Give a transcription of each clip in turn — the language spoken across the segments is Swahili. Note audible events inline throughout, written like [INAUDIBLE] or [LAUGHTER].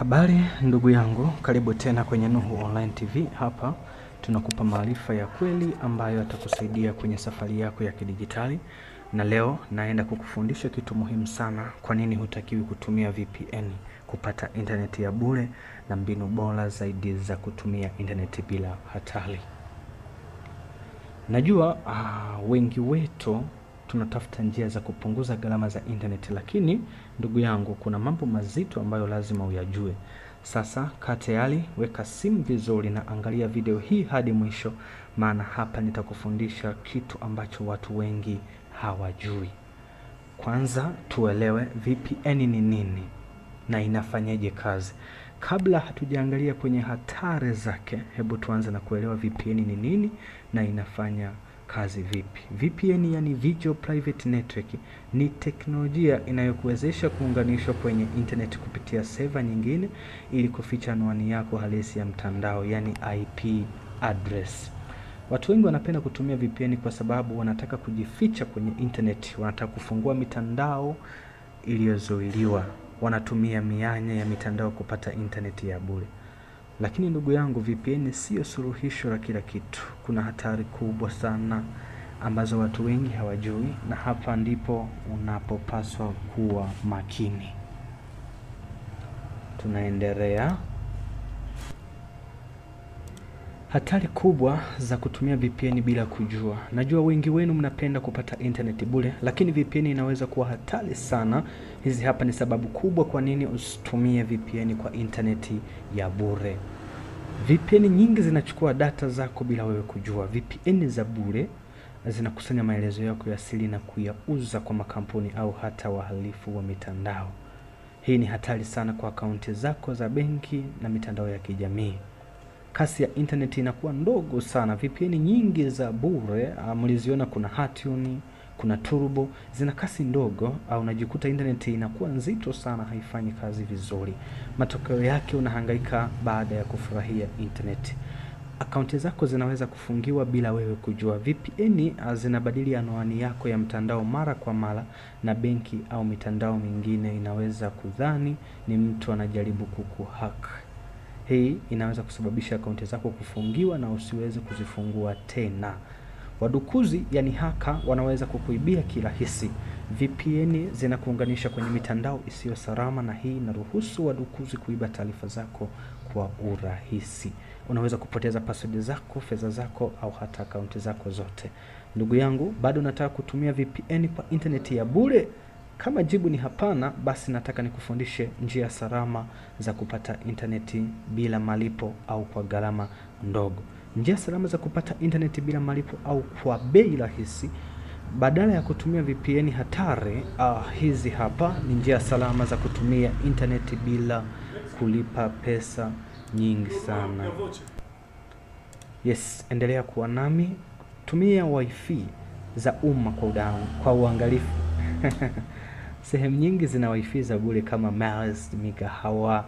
Habari ndugu yangu, karibu tena kwenye Nuhu Online TV. Hapa tunakupa maarifa ya kweli ambayo yatakusaidia kwenye safari yako ya kidijitali, na leo naenda kukufundisha kitu muhimu sana, kwa nini hutakiwi kutumia VPN kupata intaneti ya bure na mbinu bora zaidi za kutumia intaneti bila hatari. Najua uh, wengi wetu tunatafuta njia za kupunguza gharama za internet, lakini ndugu yangu, kuna mambo mazito ambayo lazima uyajue. Sasa kaa tayari, weka simu vizuri na angalia video hii hadi mwisho, maana hapa nitakufundisha kitu ambacho watu wengi hawajui. Kwanza tuelewe VPN yaani ni nini na inafanyaje kazi. Kabla hatujaangalia kwenye hatari zake, hebu tuanze na kuelewa VPN yaani ni nini na inafanya kazi vipi? VPN yani video Private Network ni teknolojia inayokuwezesha kuunganishwa kwenye internet kupitia seva nyingine ili kuficha anwani yako halisi ya mtandao yani IP address. Watu wengi wanapenda kutumia VPN kwa sababu wanataka kujificha kwenye internet, wanataka kufungua mitandao iliyozuiliwa, wanatumia mianya ya mitandao kupata internet ya bure. Lakini ndugu yangu, VPN sio suluhisho la kila kitu. Kuna hatari kubwa sana ambazo watu wengi hawajui, na hapa ndipo unapopaswa kuwa makini. Tunaendelea. Hatari kubwa za kutumia VPN bila kujua. Najua wengi wenu mnapenda kupata internet bure, lakini VPN inaweza kuwa hatari sana. Hizi hapa ni sababu kubwa kwa nini usitumie VPN kwa internet ya bure. VPN nyingi zinachukua data zako bila wewe kujua. VPN za bure zinakusanya maelezo yako ya siri na kuyauza kwa makampuni au hata wahalifu wa mitandao. Hii ni hatari sana kwa akaunti zako za benki na mitandao ya kijamii kasi ya internet inakuwa ndogo sana. VPN nyingi za bure ah, mliziona, kuna Hatune, kuna Turbo, zina kasi ndogo, au ah, unajikuta internet inakuwa nzito sana, haifanyi kazi vizuri. Matokeo yake unahangaika baada ya kufurahia internet. Akaunti zako zinaweza kufungiwa bila wewe kujua. VPN ah, zinabadili anwani yako ya mtandao mara kwa mara, na benki au mitandao mingine inaweza kudhani ni mtu anajaribu kukuhack. Hii inaweza kusababisha akaunti zako kufungiwa na usiweze kuzifungua tena. Wadukuzi yani haka wanaweza kukuibia kirahisi. VPN zinakuunganisha kwenye mitandao isiyo salama, na hii inaruhusu wadukuzi kuiba taarifa zako kwa urahisi. Unaweza kupoteza password zako, fedha zako, au hata akaunti zako zote. Ndugu yangu, bado unataka kutumia VPN kwa intaneti ya bure? Kama jibu ni hapana, basi nataka nikufundishe njia salama za kupata intaneti bila malipo au kwa gharama ndogo. Njia salama za kupata intaneti bila malipo au kwa bei rahisi badala ya kutumia VPN hatari. Uh, hizi hapa ni njia salama za kutumia intaneti bila kulipa pesa nyingi sana. Yes, endelea kuwa nami. Tumia wifi za umma kwa udamu, kwa uangalifu [LAUGHS] Sehemu nyingi zina wifi za bure kama malls, mikahawa,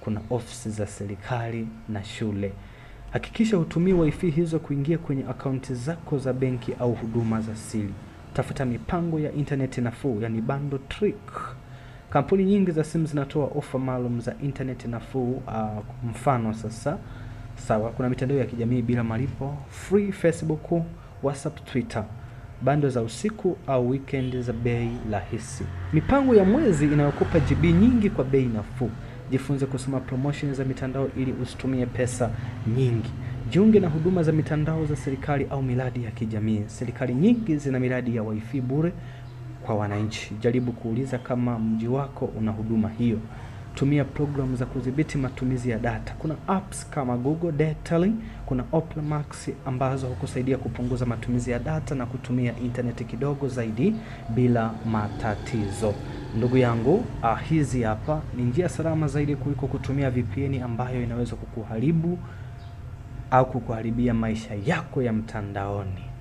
kuna ofisi za serikali na shule. Hakikisha hutumii wifi hizo kuingia kwenye akaunti zako za benki au huduma za siri. Tafuta mipango ya intaneti nafuu, yani bando trick. Kampuni nyingi za simu zinatoa ofa maalum za intaneti nafuu. Uh, mfano sasa, sawa, kuna mitandao ya kijamii bila malipo free: Facebook, WhatsApp, Twitter bando za usiku au weekend za bei rahisi. Mipango ya mwezi inayokupa GB nyingi kwa bei nafuu. Jifunze kusoma promotion za mitandao ili usitumie pesa nyingi. Jiunge na huduma za mitandao za serikali au miradi ya kijamii. Serikali nyingi zina miradi ya wifi bure kwa wananchi. Jaribu kuuliza kama mji wako una huduma hiyo kutumia program za kudhibiti matumizi ya data. Kuna apps kama Google Detailing, kuna Optimax ambazo hukusaidia kupunguza matumizi ya data na kutumia intaneti kidogo zaidi bila matatizo. Ndugu yangu, ah, hizi hapa ni njia salama zaidi kuliko kutumia VPN ambayo inaweza kukuharibu au kukuharibia maisha yako ya mtandaoni.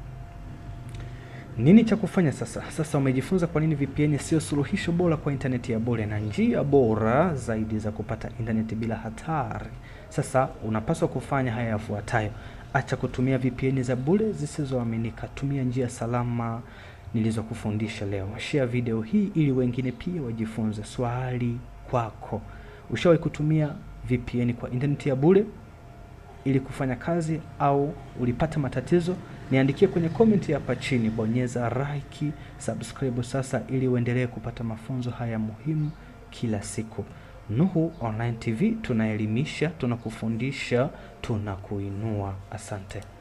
Nini cha kufanya sasa? Sasa umejifunza kwa nini VPN sio suluhisho bora kwa intaneti ya bure na njia bora zaidi za kupata intaneti bila hatari. Sasa unapaswa kufanya haya yafuatayo: acha kutumia VPN za bure zisizoaminika, tumia njia salama nilizokufundisha leo. Share video hii ili wengine pia wajifunze. Swali kwako, ushawahi kutumia VPN kwa intaneti ya bure ili kufanya kazi au ulipata matatizo? Niandikie kwenye komenti hapa chini, bonyeza like, subscribe sasa ili uendelee kupata mafunzo haya muhimu kila siku. Nuhu Online TV tunaelimisha, tunakufundisha, tunakuinua. Asante.